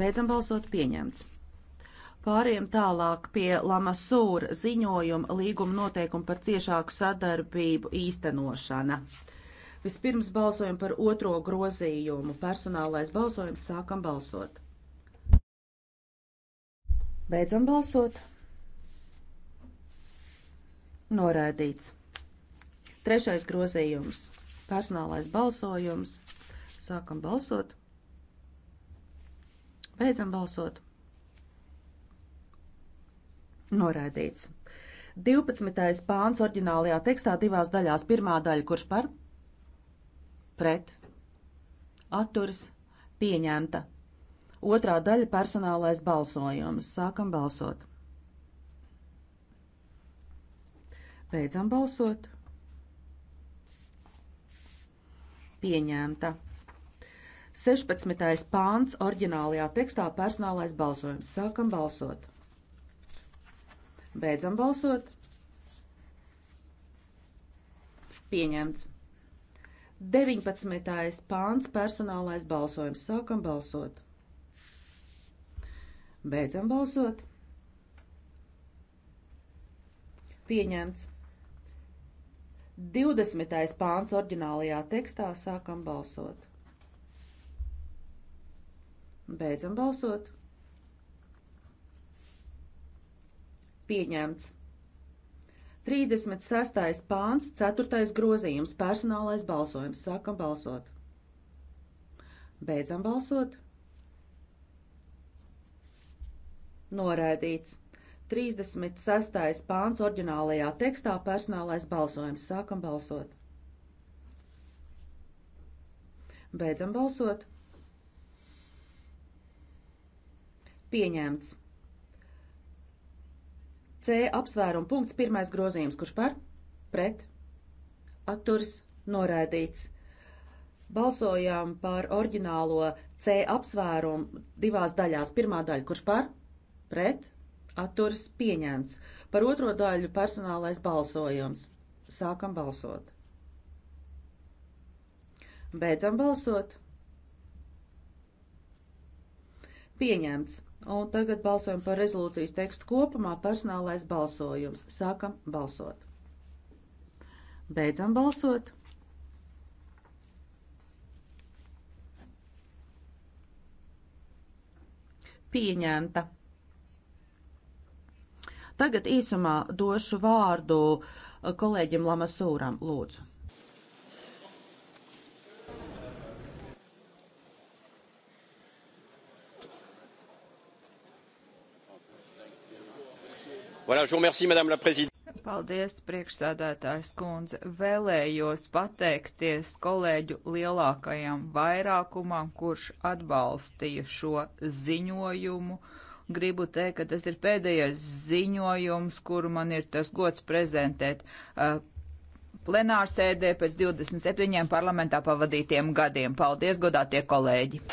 Beidzam balsot pieņemts. Pāriem tālāk pie Lamasūra ziņojuma līguma noteikumu par ciešāku sadarbību īstenošana. Vispirms balsojam par otro grozījumu. Personālais balsojums sākam balsot. Beidzam balsot. Noraidīts. Trešais grozījums. Personālais balsojums. Sākam balsot. Beidzam balsot. Noraidīts. 12. pāns oriģinālajā tekstā divās daļās. Pirmā daļa, kurš par? Pret. Atturs. Pieņemta. Otrā daļa - personālais balsojums. Sākam balsot. Beidzam balsot. Pieņemta. 16. pāns oriģinālajā tekstā personālais balsojums. Sākam balsot. Beidzam balsot. Pieņemts. 19. pāns personālais balsojums. Sākam balsot. Beidzam balsot. Pieņemts. 20. pāns oriģinālajā tekstā. Sākam balsot. Beidzam balsot. Pieņemts. 36. pāns, 4. grozījums, personālais balsojums. Sākam balsot. Beidzam balsot. Noraidīts. 36. pāns oriģinālajā tekstā personālais balsojums. Sākam balsot. Beidzam balsot. Pieņemts. C apsvērumu punkts pirmais grozījums, kurš par, pret, atturas, noraidīts. Balsojām par oriģinālo C apsvērumu divās daļās. Pirmā daļa, kurš par, pret, atturas, pieņemts. Par otro daļu personālais balsojums. Sākam balsot. Beidzam balsot. Pieņemts. Un tagad balsojam par rezolūcijas tekstu kopumā personālais balsojums. Sākam balsot. Beidzam balsot. Pieņemta. Tagad īsumā došu vārdu kolēģim Lamasūram, lūdzu. Voilà, je vous remercie, Madame la Présidente. Paldies, priekšsēdētājs kundze. Vēlējos pateikties kolēģu lielākajam vairākumam, kurš atbalstīja šo ziņojumu. Gribu teikt, ka tas ir pēdējais ziņojums, kuru man ir tas gods prezentēt uh, plenārsēdē pēc 27 parlamentā pavadītiem gadiem. Paldies, godātie kolēģi!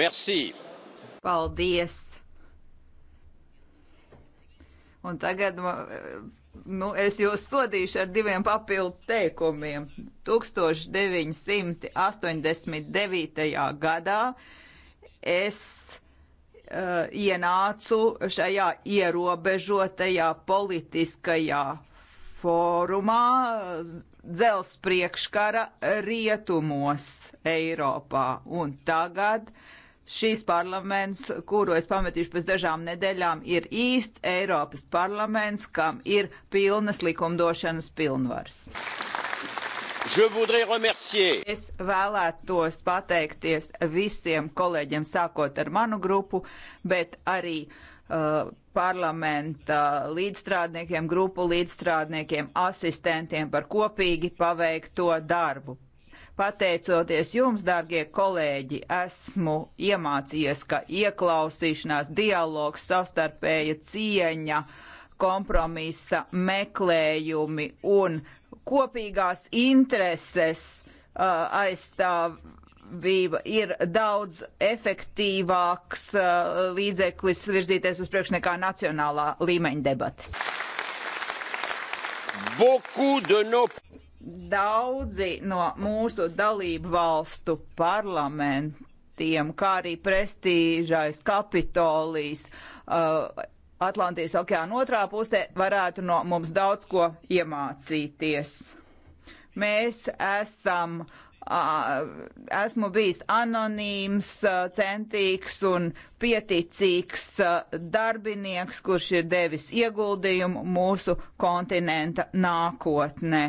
Merci! Paldies! Un tagad nu, es jūs sodīšu ar diviem papildu teikumiem. 1989. gadā es uh, ienācu šajā ierobežotajā politiskajā fórumā uh, dzels priekškara rietumos Eiropā. Un tagad uh, Šīs parlaments, kuru es pametīšu pēc dažām nedēļām, ir īsts Eiropas parlaments, kam ir pilnas likumdošanas pilnvars. Es vēlētos pateikties visiem kolēģiem, sākot ar manu grupu, bet arī uh, parlamenta līdzstrādniekiem, grupu līdzstrādniekiem, asistentiem par kopīgi paveikto darbu. Pateicoties jums, dārgie kolēģi, esmu iemācījies, ka ieklausīšanās, dialogs, savstarpēja cieņa, kompromisa meklējumi un kopīgās intereses uh, aizstāv sadarbība ir daudz efektīvāks uh, līdzeklis virzīties uz priekšu nekā nacionālā līmeņa debatas daudzi no mūsu dalību valstu parlamentiem, kā arī prestīžais Kapitolijas uh, Atlantijas okeāna otrā pusē, varētu no mums daudz ko iemācīties. Mēs esam uh, esmu bijis anonīms, uh, centīgs un pieticīgs uh, darbinieks, kurš ir devis ieguldījumu mūsu kontinenta nākotnē.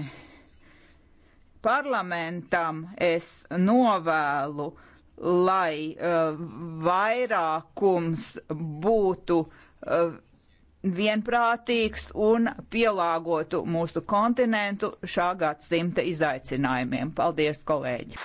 Parlamentam es novēlu, lai uh, vairākums būtu uh, vienprātīgs un pielāgotu mūsu kontinentu šā gadsimta izaicinājumiem. Paldies, kolēģi!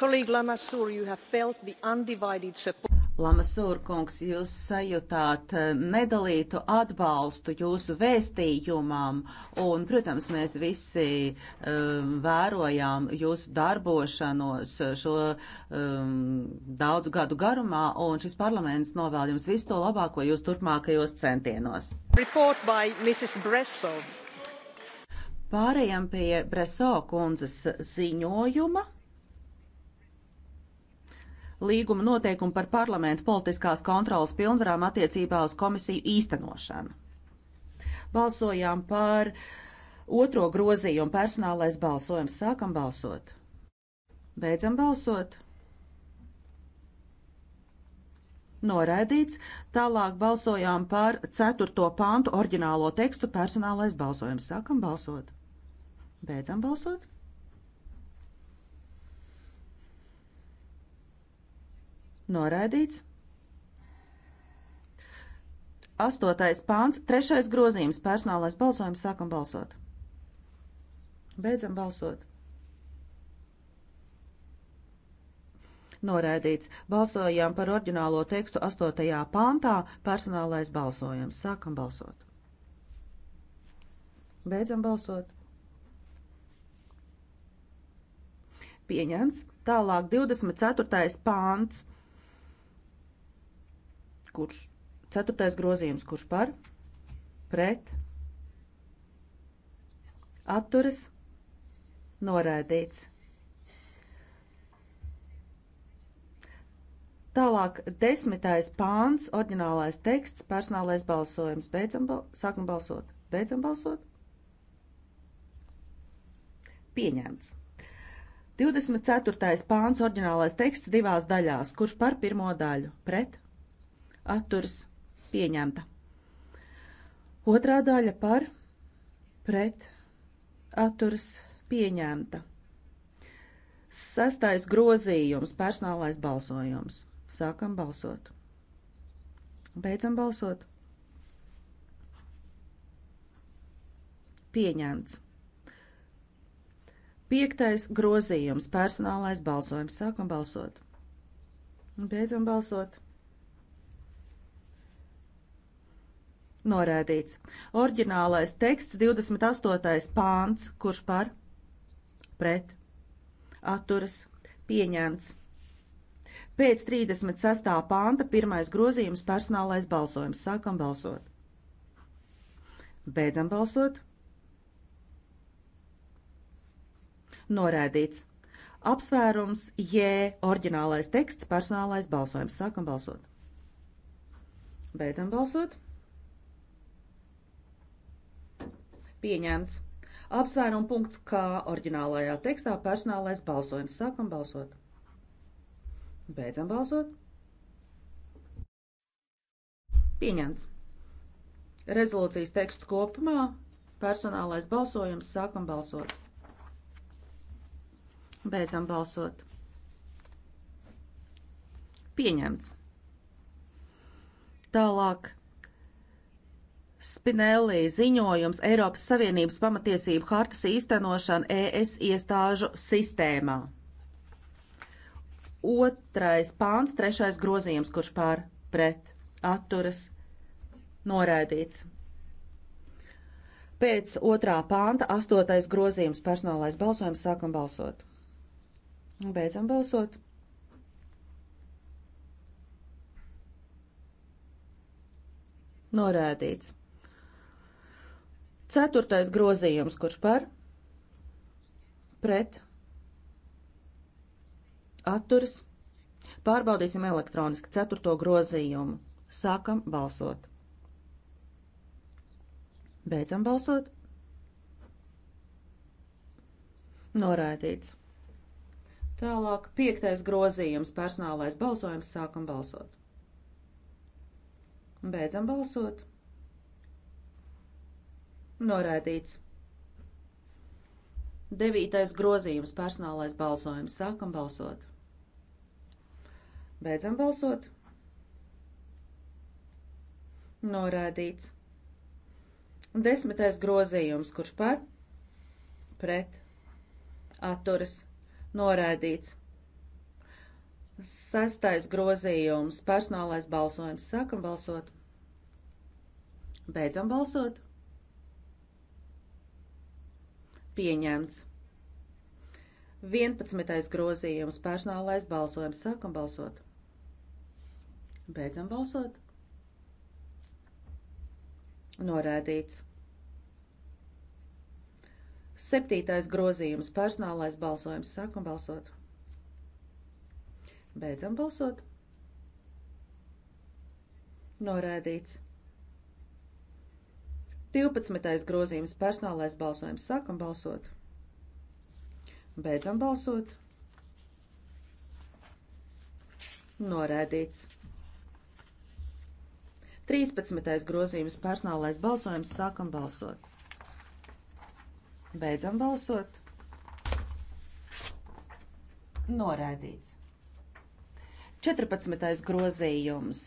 Colleague Lamassoure, you have felt the undivided support. Lamasūrkungs, jūs sajūtāt eh, nedalītu atbalstu jūsu vēstījumam, un, protams, mēs visi um, vērojām jūsu darbošanos eh, šo um, daudzu gadu garumā, un šis parlaments novēl jums visu to labāko jūs turpmākajos centienos. Pārējām pie Breso kundzes ziņojuma līguma noteikumi par parlamentu politiskās kontrolas pilnvarām attiecībā uz komisiju īstenošanu. Balsojām par otro grozījumu personālais balsojums. Sākam balsot. Beidzam balsot. Noraidīts. Tālāk balsojām par ceturto pantu oriģinālo tekstu personālais balsojums. Sākam balsot. Beidzam balsot. Noraidīts. Astotais pāns, trešais grozījums, personālais balsojums, sākam balsot. Beidzam balsot. Noraidīts. Balsojām par oriģinālo tekstu 8. pāntā. Personālais balsojums. Sākam balsot. Beidzam balsot. Pieņemts. Tālāk 24. pāns kurš, ceturtais grozījums, kurš par, pret, atturas, noraidīts. Tālāk, desmitais pāns, oriģinālais teksts, personālais balsojums. Beidzam, bal sākam balsot. Beidzam balsot. Pieņemts. 24. pāns, oriģinālais teksts divās daļās. Kurš par pirmo daļu? Pret? atturas pieņemta. Otrā daļa par pret atturas pieņemta. Sastais grozījums - personālais balsojums. Sākam balsot. Beidzam balsot. Pieņemts. Piektais grozījums - personālais balsojums. Sākam balsot. Beidzam balsot. Norēdīts. Orģinālais teksts 28. pāns, kurš par pret atturas pieņemts. Pēc 36. pānta pirmais grozījums personālais balsojums. Sākam balsot. Beidzam balsot. Norēdīts. Apsvērums J. Orģinālais teksts personālais balsojums. Sākam balsot. Beidzam balsot. Pieņemts. Apsvērumu punkts K oriģinālajā tekstā personālais balsojums. Sākam balsot. Beidzam balsot. Pieņemts. Rezolūcijas teksts kopumā personālais balsojums. Sākam balsot. Beidzam balsot. Pieņemts. Tālāk Spinelli ziņojums Eiropas Savienības pamatiesību hartas īstenošana ES iestāžu sistēmā. Otrais pāns, trešais grozījums, kurš pār pret atturas noraidīts. Pēc otrā panta astotais grozījums personālais balsojums sākam balsot. Beidzam balsot. Norādīts. Ceturtais grozījums, kurš par, pret, atturas. Pārbaudīsim elektroniski ceturto grozījumu. Sākam balsot. Beidzam balsot. Noraidīts. Tālāk piektais grozījums personālais balsojums sākam balsot. Beidzam balsot. Norādīts. Devītais grozījums personālais balsojums. Sākam balsot. Beidzam balsot. Norādīts. Desmitais grozījums, kurš par, pret, atturas, norādīts. Sestais grozījums, personālais balsojums. Sākam balsot. Beidzam balsot. Pieņemts. 11. grozījums personālais balsojums. Sākam balsot. Beidzam balsot. Norēdīts. 7. grozījums personālais balsojums. Sākam balsot. Beidzam balsot. Norēdīts. 12. grozījums personālais balsojums. Sākam balsot. Beidzam balsot. Norēdīts. 13. grozījums personālais balsojums. Sākam balsot. Beidzam balsot. Norēdīts. 14. grozījums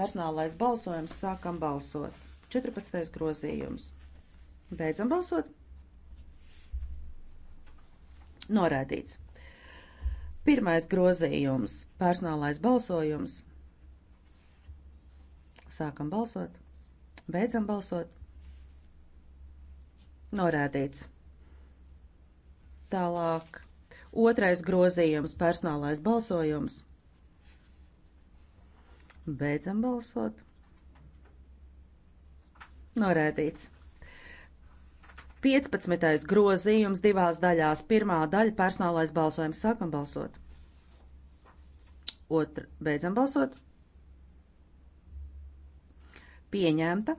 personālais balsojums. Sākam balsot. 14. grozījums. Beidzam balsot. Norādīts. Pirmais grozījums - personālais balsojums. Sākam balsot. Beidzam balsot. Norādīts. Tālāk. Otrais grozījums - personālais balsojums. Beidzam balsot. Norēdīts. 15. grozījums divās daļās. Pirmā daļa - personālais balsojums. Sākam balsot. Otra - beidzam balsot. Pieņemta.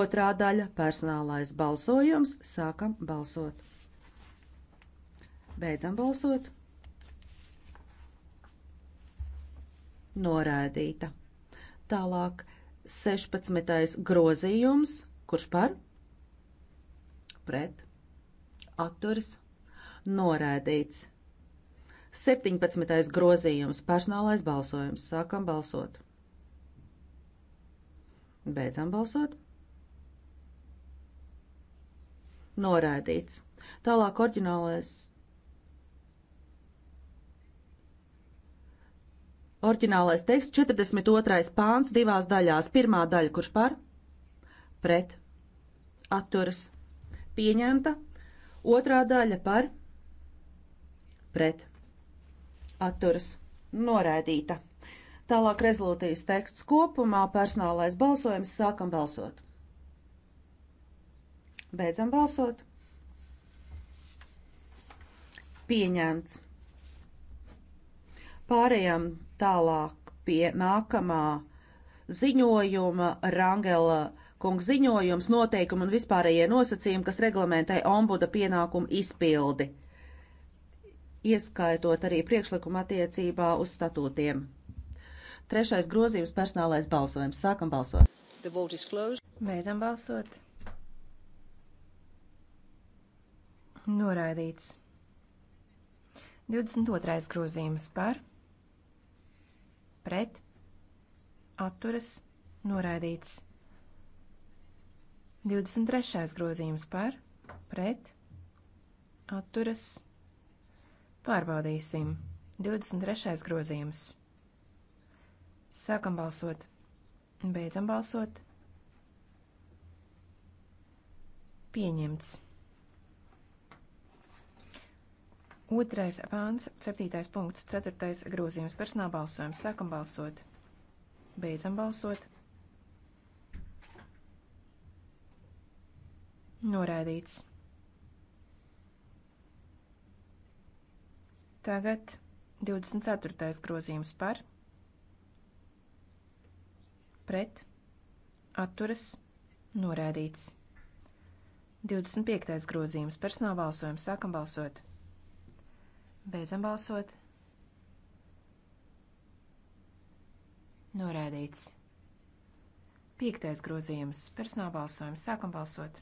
Otrā daļa - personālais balsojums. Sākam balsot. Beidzam balsot. Norēdīta. Tālāk 16. grozījums, kurš par? Pret. Atturs. Norēdīts. 17. grozījums - personālais balsojums. Sākam balsot. Beidzam balsot. Norēdīts. Tālāk oriģinālais Orģinālais teksts 42. pāns divās daļās. Pirmā daļa, kurš par? Pret. Atturas. Pieņemta. Otrā daļa par? Pret. Atturas. Noraidīta. Tālāk rezolūcijas teksts kopumā personālais balsojums sākam balsot. Beidzam balsot. Pieņemts. Pārējām tālāk pie nākamā ziņojuma Rangela kungs ziņojums noteikumi un vispārējie nosacījumi, kas reglamentē ombuda pienākumu izpildi, ieskaitot arī priekšlikumu attiecībā uz statūtiem. Trešais grozījums - personālais balsojums. Sākam balsot. Beidzam balsot. Noraidīts. 22. grozījums par pret, atturas, noraidīts. 23. grozījums par, pret, atturas, pārbaudīsim. 23. grozījums. Sākam balsot, beidzam balsot. Pieņemts. Otrais pāns, septītais punkts, ceturtais grozījums personāla balsojums. Sākam balsot. Beidzam balsot. Norādīts. Tagad 24. grozījums par, pret, atturas, norādīts. 25. grozījums personāla balsojums. Sākam balsot. Beidzam balsot. Norādīts. Piektais grozījums. Personāla balsojums. Sākam balsot.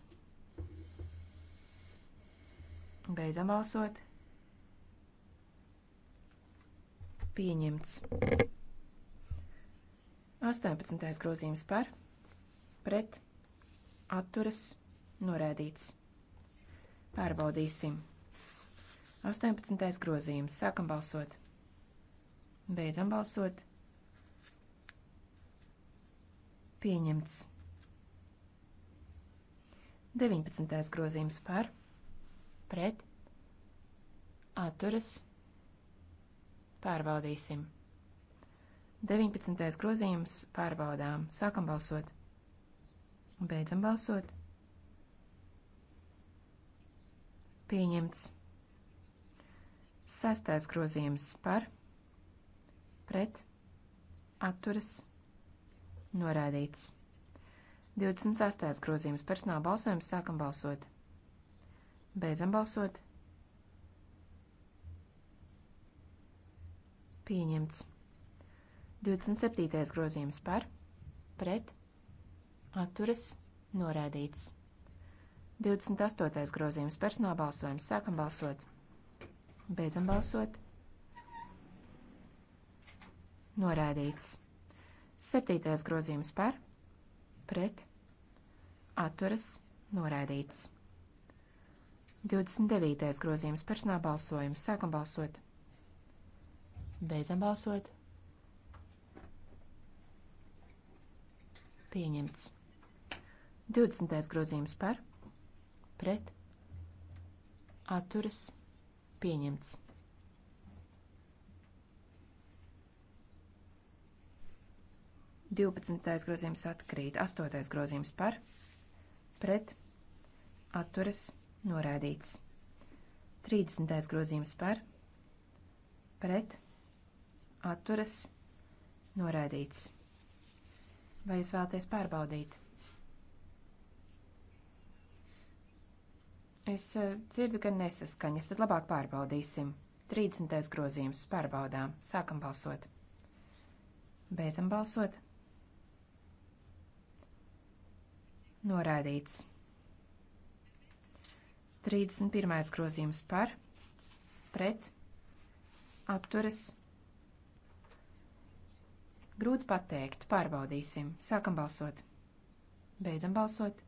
Beidzam balsot. Pieņemts. 18. grozījums par, pret, atturas, norēdīts. Pārbaudīsim. 18. grozījums. Sākam balsot. Beidzam balsot. Pieņemts. 19. grozījums par, pret, atturas. Pārbaudīsim. 19. grozījums pārbaudām. Sākam balsot. Beidzam balsot. Pieņemts. Sestais grozījums par, pret, atturas, norādīts. 28. grozījums personāla balsojums sākam balsot. Beidzam balsot. Pieņemts. 27. grozījums par, pret, atturas, norādīts. 28. grozījums personāla balsojums sākam balsot. Beidzam balsot. Norādīts. Septītais grozījums par, pret, atturas, norādīts. 29. grozījums personāla balsojums. Sākam balsot. Beidzam balsot. Pieņemts. 20. grozījums par, pret, atturas, norādīts Pieņemts. Divpadsmitais grozījums atkrīt. Astotais grozījums par, pret, atturas, norādīts. Trīsdesmitais grozījums par, pret, atturas, norādīts. Vai jūs vēlaties pārbaudīt? Es eh, dzirdu, ka nesaskaņas, tad labāk pārbaudīsim. 30. grozījums pārbaudām. Sākam balsot. Beidzam balsot. Noraidīts. 31. grozījums par, pret, atturas. Grūti pateikt, pārbaudīsim. Sākam balsot. Beidzam balsot.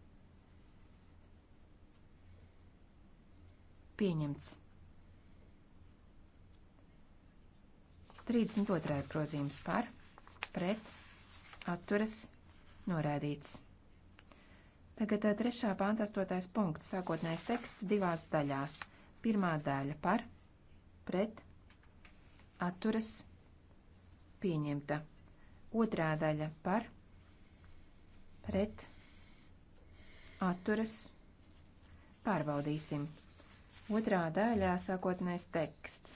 Pieņemts. 32. grozījums par, pret, atturas, norādīts. Tagad trešā pānta astotais punkts, sākotnējais teksts divās daļās. Pirmā daļa par, pret, atturas, pieņemta. Otrā daļa par, pret, atturas, pārbaudīsim. Otrā daļā sākotnēs teksts.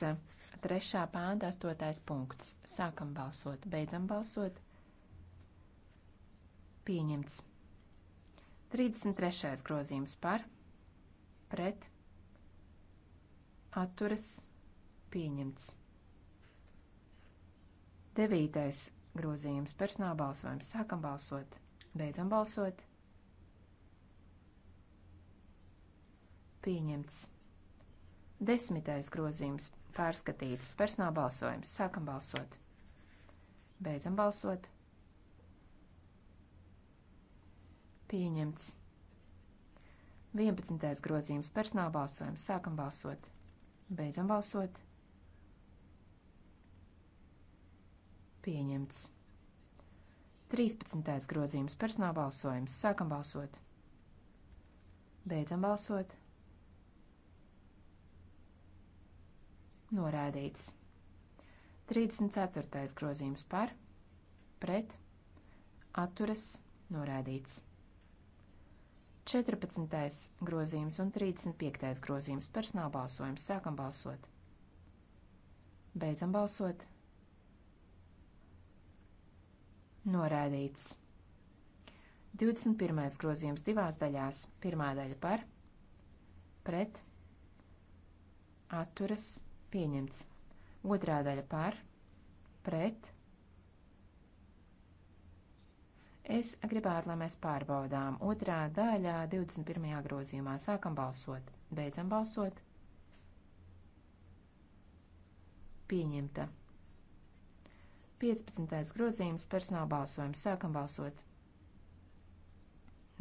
Trešā pānta astotais punkts. Sākam balsot, beidzam balsot. Pieņemts. 33. grozījums par, pret, atturas, pieņemts. 9. grozījums personāla balsojums. Sākam balsot, beidzam balsot. Pieņemts. Desmitais grozījums pārskatīts. Personāla balsojums. Sākam balsot. Beidzam balsot. Pieņemts. 11. grozījums. Personāla balsojums. Sākam balsot. Beidzam balsot. Pieņemts. 13. grozījums. Personāla balsojums. Sākam balsot. Beidzam balsot. Norādīts. 34. grozījums par, pret, atturas, norādīts. 14. grozījums un 35. grozījums personāla balsojums. Sākam balsot. Beidzam balsot. Norādīts. 21. grozījums divās daļās. Pirmā daļa par, pret, atturas, norādīts Pieņemts. Otrā daļa par, pret. Es gribētu, lai mēs pārbaudām. Otrā daļā 21. grozījumā sākam balsot, beidzam balsot. Pieņemta. 15. grozījums personāla balsojums. Sākam balsot.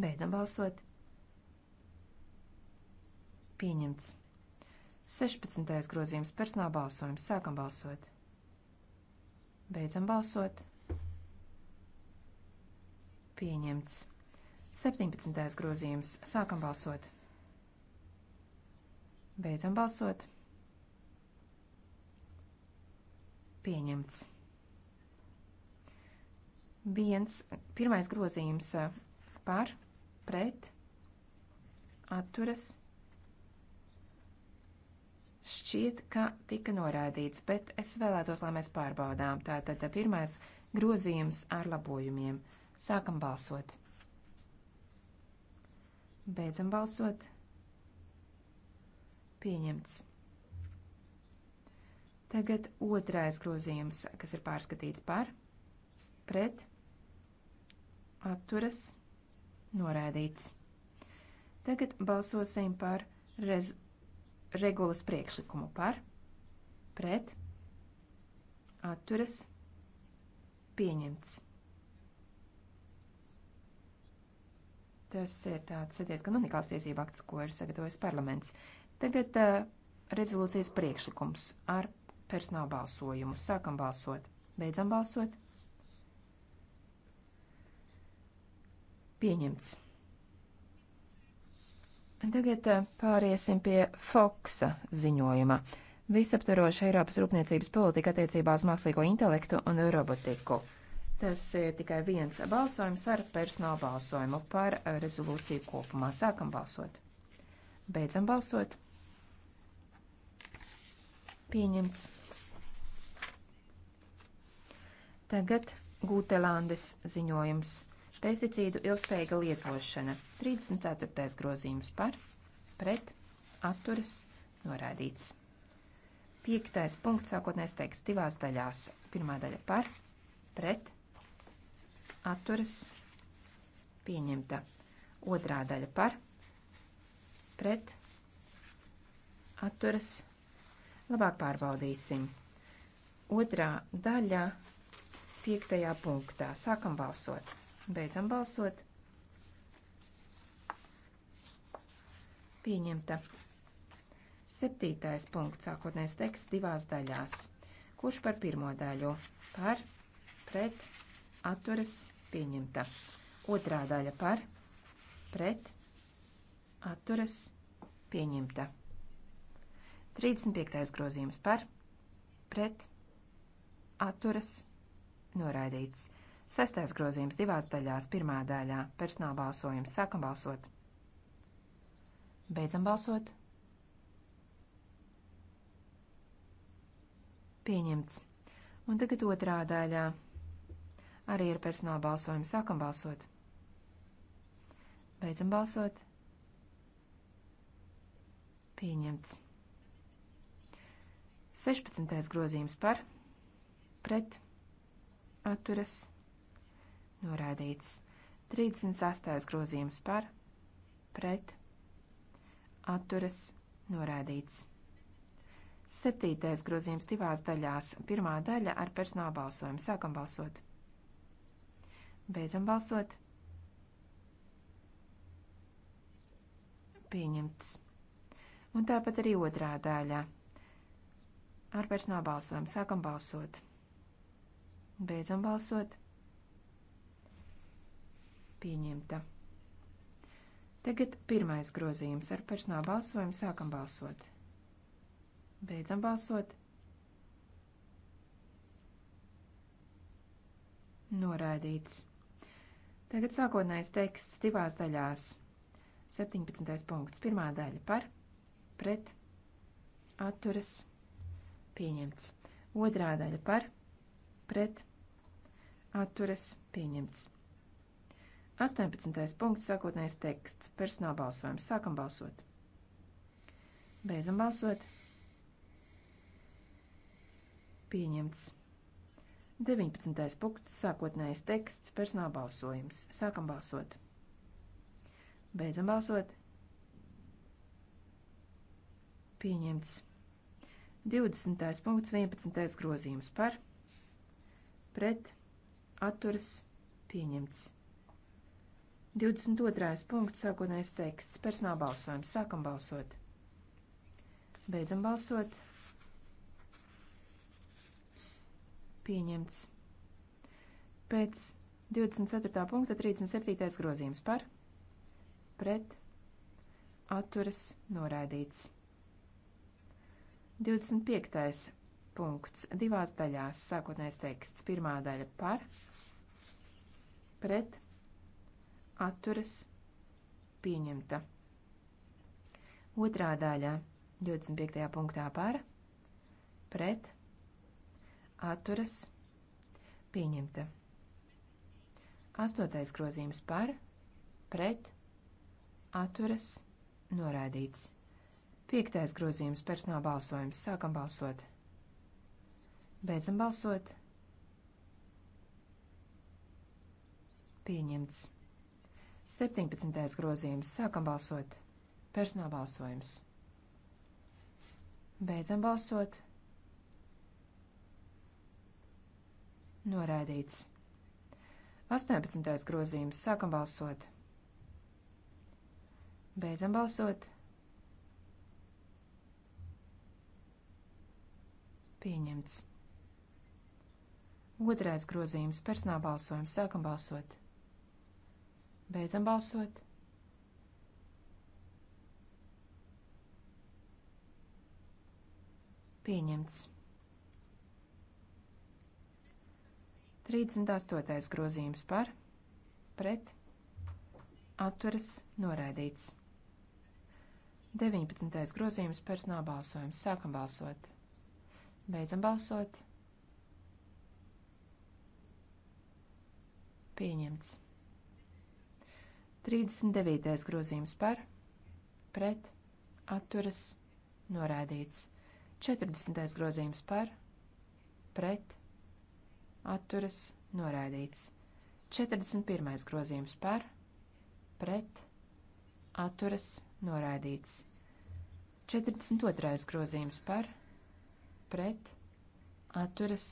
Beidzam balsot. Pieņemts. 16. grozījums personāla balsojums. Sākam balsot. Beidzam balsot. Pieņemts. 17. grozījums. Sākam balsot. Beidzam balsot. Pieņemts. Viens, pirmais grozījums eh, par, pret, atturas, pieņemts Šķiet, ka tika noraidīts, bet es vēlētos, lai mēs pārbaudām. Tātad pirmais grozījums ar labojumiem. Sākam balsot. Beidzam balsot. Pieņemts. Tagad otrais grozījums, kas ir pārskatīts par, pret, atturas, noraidīts. Tagad balsosim par rezultātu regulas priekšlikumu par, pret, atturas, pieņemts. Tas ir tāds diezgan unikāls tiesību akts, ko ir sagatavojis parlaments. Tagad uh, rezolūcijas priekšlikums ar personālu balsojumu. Sākam balsot, beidzam balsot. Pieņemts. Tagad eh, pāriesim pie Foksa ziņojuma. Visaptveroša Eiropas rūpniecības politika attiecībā uz mākslīgo intelektu un robotiku. Tas ir tikai viens balsojums ar personālu balsojumu par eh, rezolūciju kopumā. Sākam balsot. Beidzam balsot. Pieņemts. Tagad Gūtelandes ziņojums. Pesticīdu ilgspējīga lietošana. 34. grozījums par, pret, atturas, norādīts. 5. punkts, sākotnēs teiks divās daļās. Pirmā daļa par, pret, atturas, pieņemta. Otrā daļa par, pret, atturas, labāk pārbaudīsim. Otrā daļa piektajā punktā. Sākam balsot. Beidzam balsot. Pieņemta. Septītais punkts, sākotnēs teksts divās daļās. Kurš par pirmo daļu? Par, pret, atturas, pieņemta. Otrā daļa par, pret, atturas, pieņemta. 35. grozījums par, pret, atturas, noraidīts. Sestais grozījums divās daļās, pirmā daļā personāla balsojums, sākam balsot. Beidzam balsot. Pieņemts. Un tagad otrā daļā. Arī ir personāla balsojuma. Sākam balsot. Beidzam balsot. Pieņemts. 16. grozījums par, pret, atturas, norādīts. 38. grozījums par, pret, atturas atturas norādīts. Septītais grozījums divās daļās. Pirmā daļa ar personāla balsojumu. Sākam balsot. Beidzam balsot. Pieņemts. Un tāpat arī otrā daļa. Ar personāla balsojumu. Sākam balsot. Beidzam balsot. Pieņemta. Tagad pirmais grozījums ar personālu balsojumu sākam balsot. Beidzam balsot. Noraidīts. Tagad sākotnējais teksts divās daļās. 17. punkts. Pirmā daļa par, pret, atturas, pieņemts. Otrā daļa par, pret, atturas, pieņemts. 18. punkts, sākotnējais teksts, personāla balsojums. Sākam balsot. Beidzam balsot. Pieņemts. 19. punkts, sākotnējais teksts, personāla balsojums. Sākam balsot. Beidzam balsot. Pieņemts. 20. punkts, 11. grozījums par, pret, atturas, pieņemts. 22. punkts, sākotnējais teksts, personāla balsojums. Sākam balsot. Beidzam balsot. Pieņemts. Pēc 24. punkta 37. grozījums par, pret, atturas, noraidīts. 25. punkts divās daļās, sākotnējais teksts, pirmā daļa par, pret, atturas pieņemta. Otrā daļā 25. punktā par pret atturas pieņemta. Astotais grozījums par pret atturas norādīts. Piektais grozījums personāla balsojums. Sākam balsot. Beidzam balsot. Pieņemts. 17. grozījums. Sākam balsot. Personāla balsojums. Beidzam balsot. Noraidīts. 18. grozījums. Sākam balsot. Beidzam balsot. Pieņemts. Otrais grozījums. Personāla balsojums. Sākam balsot. Beidzam balsot. Pieņemts. 38. grozījums par, pret, atturas, noraidīts. 19. grozījums personāla balsojums. Sākam balsot. Beidzam balsot. Pieņemts. 39. grozījums par, pret, atturas, norādīts. 40. grozījums par, pret, atturas, norādīts. 41. grozījums par, pret, atturas, norādīts. 42. grozījums par, pret, atturas,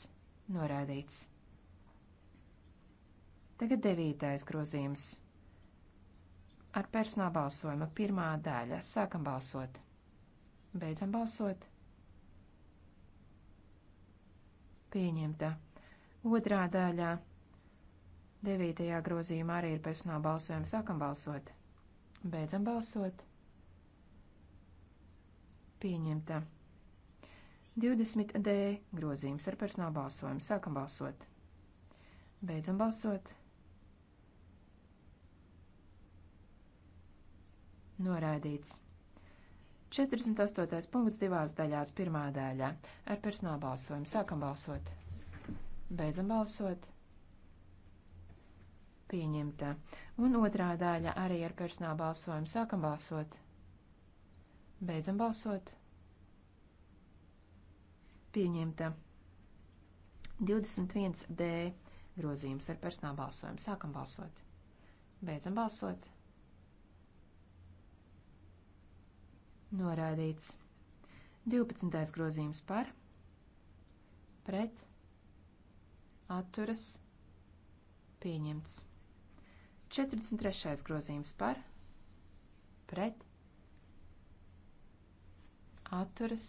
norādīts. Tagad 9. grozījums par ar personāla balsojumu. Pirmā daļa. Sākam balsot. Beidzam balsot. Pieņemta. Otrā daļā. Devītajā grozījumā arī ir personāla balsojuma. Sākam balsot. Beidzam balsot. Pieņemta. 20D grozījums ar personāla balsojumu. Sākam balsot. Beidzam balsot. Noraidīts. 48. punkts divās daļās, pirmā daļā ar personālu balsojumu. Sākam balsot. Beidzam balsot. Pieņemta. Un otrā daļa arī ar personālu balsojumu. Sākam balsot. Beidzam balsot. Pieņemta. 21D grozījums ar personālu balsojumu. Sākam balsot. Beidzam balsot. Norādīts. 12. grozījums par, pret, atturas, pieņemts. 43. grozījums par, pret, atturas.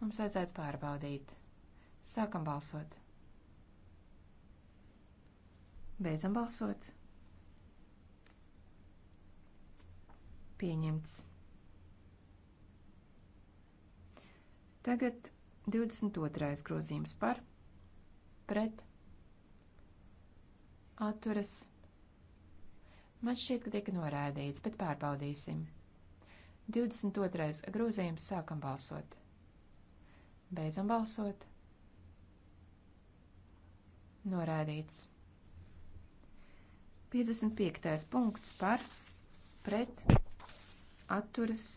Mums vajadzētu pārbaudīt. Sākam balsot. Beidzam balsot. Pieņemts. Tagad 22. grozījums par, pret, atturas. Man šķiet, ka tika norādīts, bet pārbaudīsim. 22. grozījums sākam balsot. Beidzam balsot. Norādīts. 55. punkts par, pret, atturas,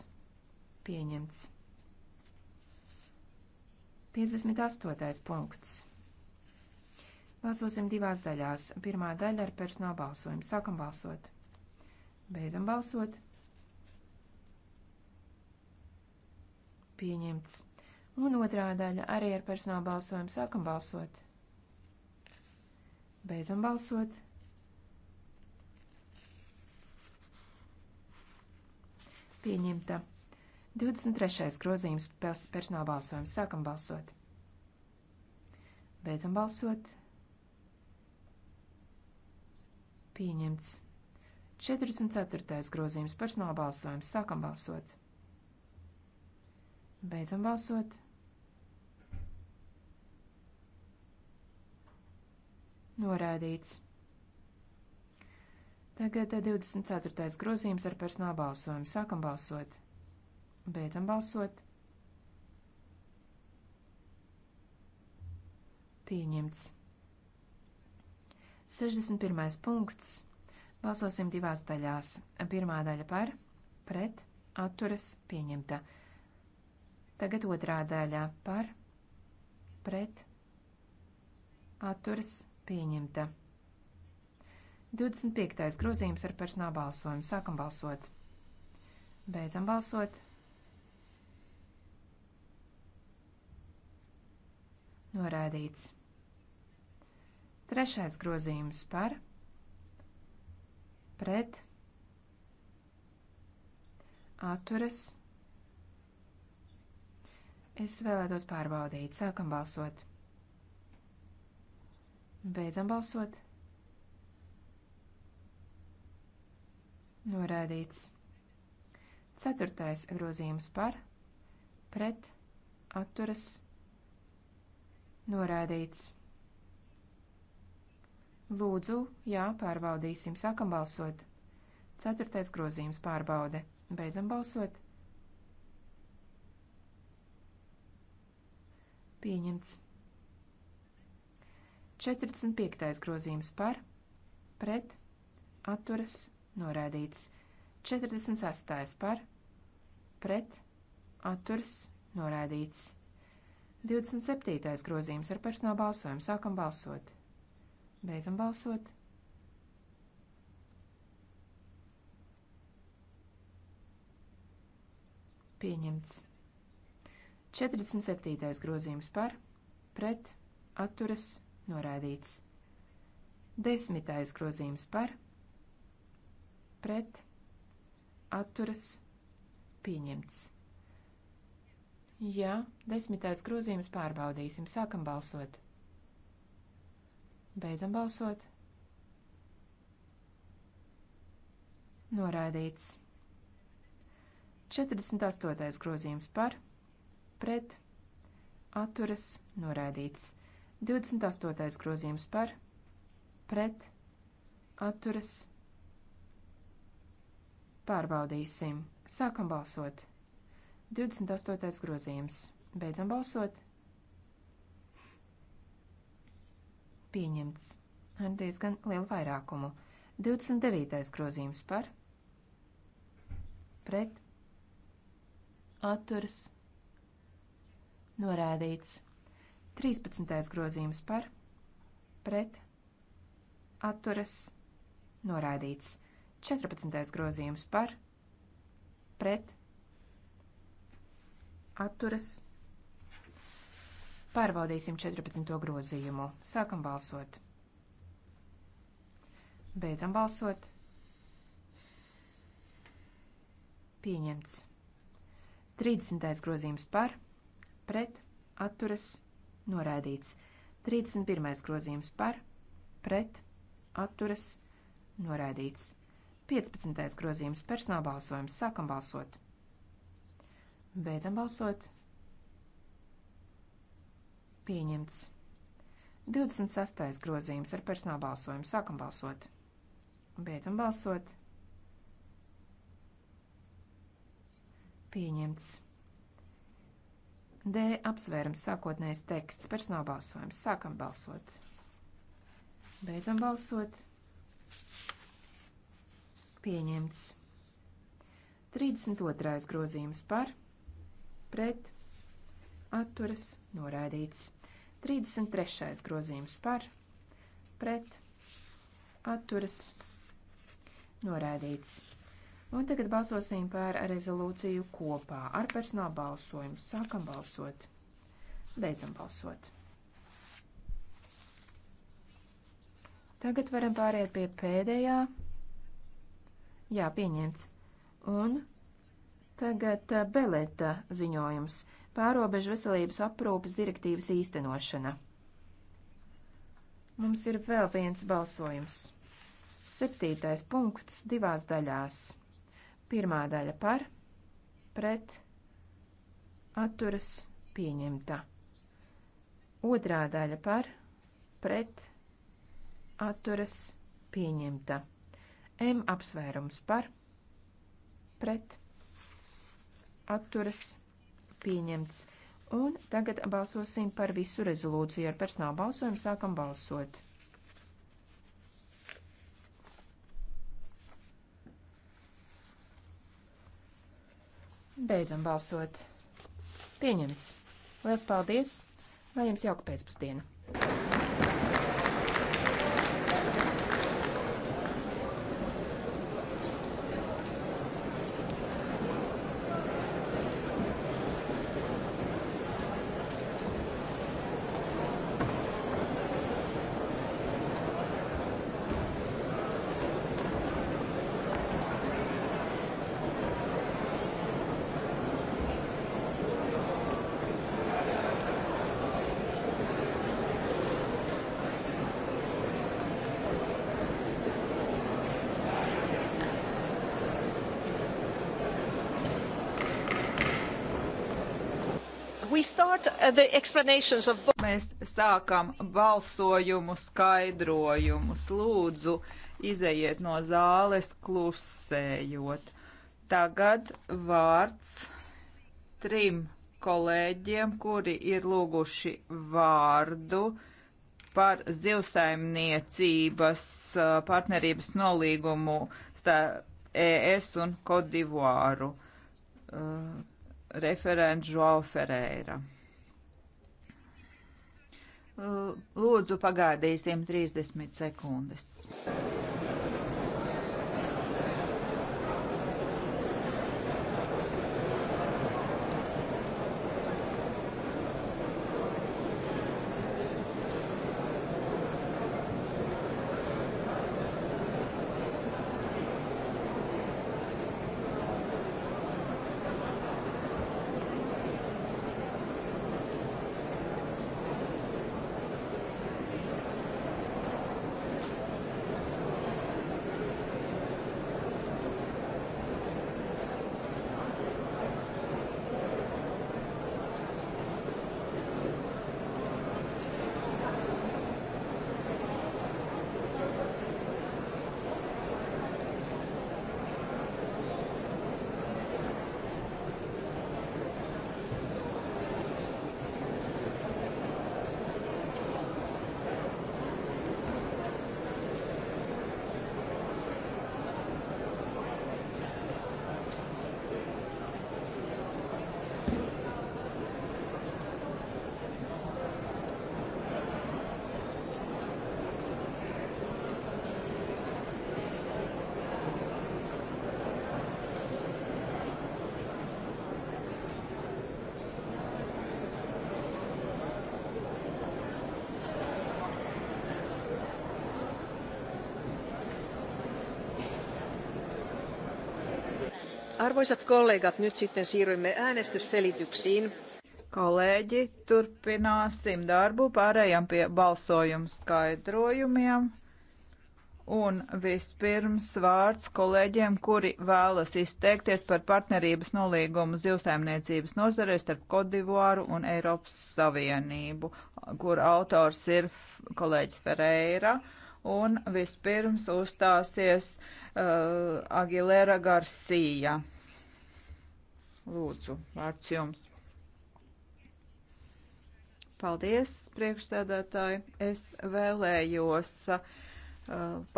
pieņemts. 58. punkts. Balsosim divās daļās. Pirmā daļa ar personālu balsojumu. Sākam balsot. Beidzam balsot. Pieņemts. Un otrā daļa arī ar personālu balsojumu. Sākam balsot. Beidzam balsot. Pieņemta. 23. grozījums personāla balsojums. Sākam balsot. Beidzam balsot. Pieņemts. 44. grozījums personāla balsojums. Sākam balsot. Beidzam balsot. Norādīts. Tagad 24. Eh, grozījums ar personāla balsojumu. Sākam balsot. Beidzam balsot. Pieņemts. 61. punkts. Balsosim divās daļās. Pirmā daļa par, pret, atturas, pieņemta. Tagad otrā daļā par, pret, atturas, pieņemta. 25. grozījums ar personālu balsojumu. Sākam balsot. Beidzam balsot. Norādīts. Trešais grozījums par pret atturas. Es vēlētos pārbaudīt. Sākam balsot. Beidzam balsot. Norādīts. Ceturtais grozījums par pret atturas Norādīts. Lūdzu, jā, pārbaudīsim, sākam balsot. Ceturtais grozījums pārbaude. Beidzam balsot. Pieņemts. 45. grozījums par, pret, atturas, norādīts. 46. par, pret, atturas, norādīts. 27. grozījums ar personālu balsojumu. Sākam balsot. Beidzam balsot. Pieņemts. 47. grozījums par, pret, atturas, noraidīts. 10. grozījums par, pret, atturas, pieņemts. Jā, desmitais grozījums pārbaudīsim. Sākam balsot. Beidzam balsot. Noraidīts. 48. grozījums par, pret, atturas, noraidīts. 28. grozījums par, pret, atturas. Pārbaudīsim. Sākam balsot. 28. grozījums. Beidzam balsot. Pieņemts ar diezgan lielu vairākumu. 29. grozījums par pret atturas norādīts. 13. grozījums par pret atturas norādīts. 14. grozījums par pret atturas. Pārbaudīsim 14. grozījumu. Sākam balsot. Beidzam balsot. Pieņemts. 30. grozījums par, pret, atturas, noraidīts. 31. grozījums par, pret, atturas, noraidīts. 15. grozījums personāla balsojums. Sākam balsot. Beidzam balsot. Pieņemts. 26. grozījums ar personālu balsojumu. Sākam balsot. Beidzam balsot. Pieņemts. D. Apsvērums sākotnējais teksts. Personāla balsojums. Sākam balsot. Beidzam balsot. Pieņemts. 32. grozījums par pret, atturas, noraidīts. 33. grozījums par, pret, atturas, noraidīts. Un tagad balsosim par rezolūciju kopā ar personālu balsojumu. Sākam balsot. Beidzam balsot. Tagad varam pāriet pie pēdējā. Jā, pieņemts. Un Tagad eh, Beleta ziņojums - pārobežu veselības aprūpas direktīvas īstenošana. Mums ir vēl viens balsojums. Septītais punkts divās daļās. Pirmā daļa par, pret, atturas pieņemta. Otrā daļa par, pret, atturas pieņemta. M apsvērums par, pret, atturas pieņemta atturas pieņemts. Un tagad balsosim par visu rezolūciju ar personālu balsojumu. Sākam balsot. Beidzam balsot. Pieņemts. Lielas paldies! Lai jums jauka pēcpusdiena! Uh, of... Mēs sākam balsojumu skaidrojumus. Lūdzu, izejiet no zāles klusējot. Tagad vārds trim kolēģiem, kuri ir lūguši vārdu par zivsaimniecības uh, partnerības nolīgumu starp ES un Kodivāru. Uh, referents Joao Ferreira. Lūdzu, pagaidīsim 30 sekundes. Arvoisat kollegat, nyt sitten siirrymme äänestysselityksiin. Kolēģi, turpināsim darbu, pārējām pie balsojumu skaidrojumiem. Un vispirms vārds kolēģiem, kuri vēlas izteikties par partnerības nolīgumu zivsaimniecības nozarē starp Kodivuāru un Eiropas Savienību, kur autors ir kolēģis Ferreira. Un vispirms uzstāsies uh, Agilera Garcija. Lūdzu, vārds jums. Paldies, priekšsēdētāji. Es vēlējos uh,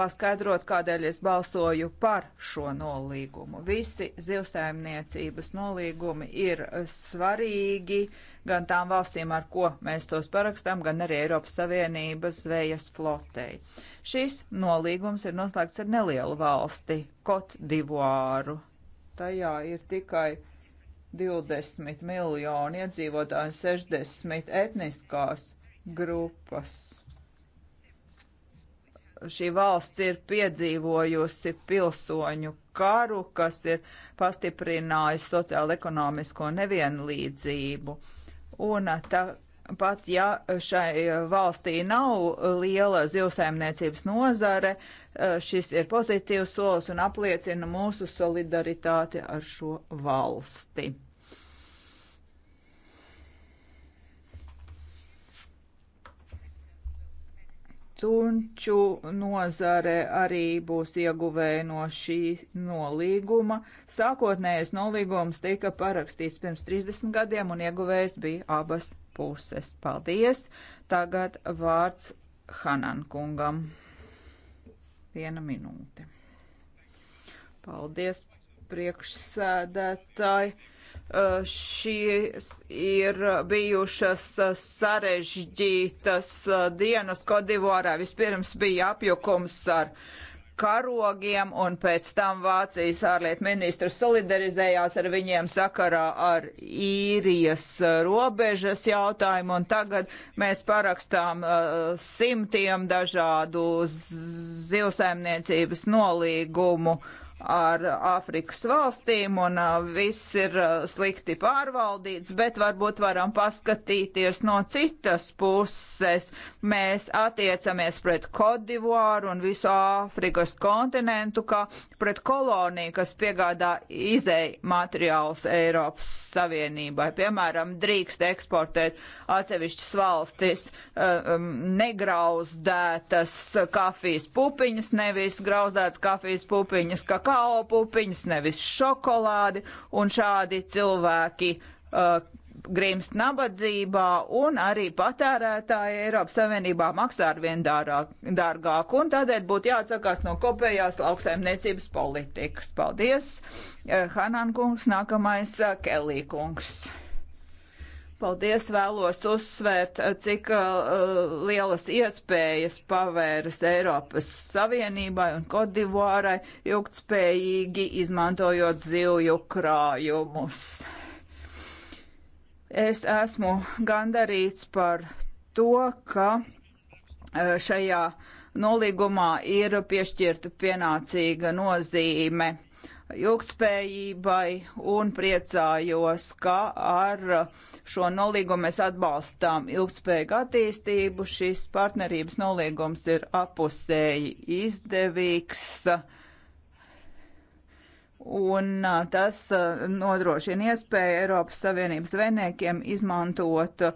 paskaidrot, kādēļ es balsoju par šo nolīgumu. Visi zivsaimniecības nolīgumi ir svarīgi gan tām valstīm, ar ko mēs tos parakstām, gan arī Eiropas Savienības zvejas flotei. Šis nolīgums ir noslēgts ar nelielu valsti, Kotdivuāru. Tajā ir tikai 20 miljoni iedzīvotāji, 60 etniskās grupas. Šī valsts ir piedzīvojusi pilsoņu karu, kas ir pastiprinājis sociālo-ekonomisko nevienlīdzību. Un eh, tā pat ja šai valstī nav liela zivsaimniecības nozare, eh, šis ir pozitīvs solis un apliecina mūsu solidaritāti ar šo valsti. Tunču nozare arī būs ieguvēja no šī nolīguma. Sākotnējais nolīgums tika parakstīts pirms 30 gadiem un ieguvējs bija abas puses. Paldies! Tagad vārds Hanan kungam. Viena minūte. Paldies, priekšsēdētāji. Uh, šīs ir bijušas sarežģītas dienas Kodivorā. Vispirms bija apjukums ar uh, karogiem, un pēc tam Vācijas ārlietu ministrs solidarizējās ar viņiem sakarā ar īrijas uh, robežas jautājumu, un tagad mēs parakstām uh, simtiem dažādu zivsaimniecības nolīgumu ar Āfrikas valstīm un viss ir slikti pārvaldīts, bet varbūt varam paskatīties no citas puses. Mēs attiecamies pret Kodivuāru un visu Āfrikas kontinentu kā pret koloniju, kas piegādā izēju materiālus Eiropas Savienībai. Piemēram, drīkst eksportēt atsevišķas valstis um, negrauzdētas kafijas pupiņas, nevis grauzdētas kafijas pupiņas, ka kakao pupiņus, nevis šokolādi, un šādi cilvēki uh, grimst nabadzībā, un arī patērētāji Eiropas Savienībā maksā arvien dārāk, dārgāk, un tādēļ būtu jāatsakās no kopējās lauksaimniecības politikas. Paldies, eh, Hanan kungs, nākamais eh, Kelī kungs. Paldies, vēlos uzsvērt, cik uh, lielas iespējas pavēras Eiropas Savienībai un Kodivārai ilgtspējīgi izmantojot zivju krājumus. Es esmu gandarīts par to, ka uh, šajā nolīgumā ir piešķirta pienācīga nozīme ilgspējībai un priecājos, ka ar šo nolīgumu mēs atbalstām ilgspējīgu attīstību. Šis partnerības nolīgums ir apusēji izdevīgs. Un tas nodrošina iespēju Eiropas Savienības zvejniekiem izmantot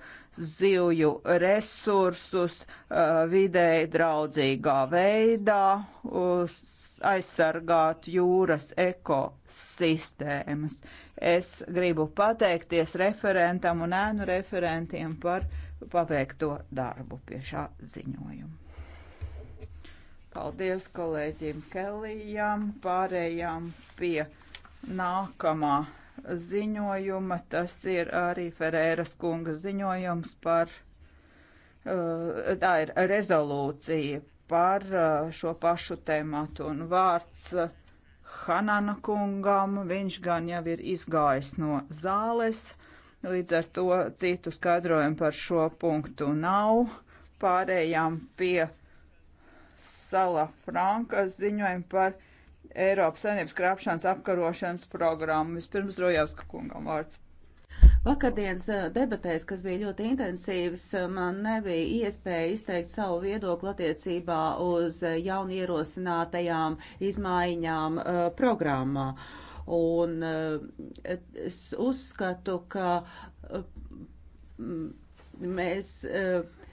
zivju resursus vidēji draudzīgā veidā, uz aizsargāt jūras ekosistēmas. Es gribu pateikties referentam un ēnu referentiem par paveikto darbu pie šā ziņojuma. Paldies kolēģim Kelijam, pārējām pie nākamā ziņojuma. Tas ir arī Ferēras kunga ziņojums par, uh, tā ir rezolūcija par eh, šo pašu tēmatu. Un vārds eh, Hanana kungam, viņš gan jau ir izgājis no zāles, līdz ar to citu skaidrojumu par šo punktu nav. Pārējām pie Sala Frankas ziņojumu par Eiropas saimnības krāpšanas apkarošanas programmu. Vispirms Rojavska kungam vārds. Vakardienas eh, debatēs, kas bija ļoti intensīvas, eh, man nebija iespēja izteikt savu viedokli attiecībā uz eh, jaunu ierosinātajām izmaiņām uh, programmā. Un uh, es uzskatu, ka uh, mēs. Uh,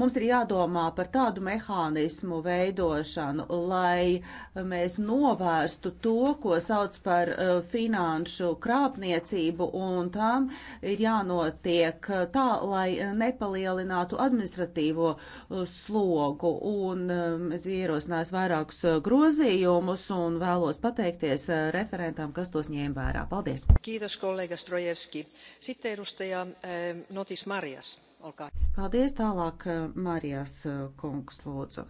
Mums ir jādomā par tādu mehānismu veidošanu, lai mēs novērstu to, ko sauc par uh, finanšu krāpniecību, un tam ir jānotiek uh, tā, lai nepalielinātu administratīvo uh, slogu. Un um, es ierosinājos vairākus grozījumus un vēlos pateikties referentam, kas tos ņēma vērā. Paldies! Kiitos kollega Strojevski. Sitten edustaja eh, Notis Marias. Olkaa. Paldies tālāk, eh, Marijas eh, kungs, lūdzu.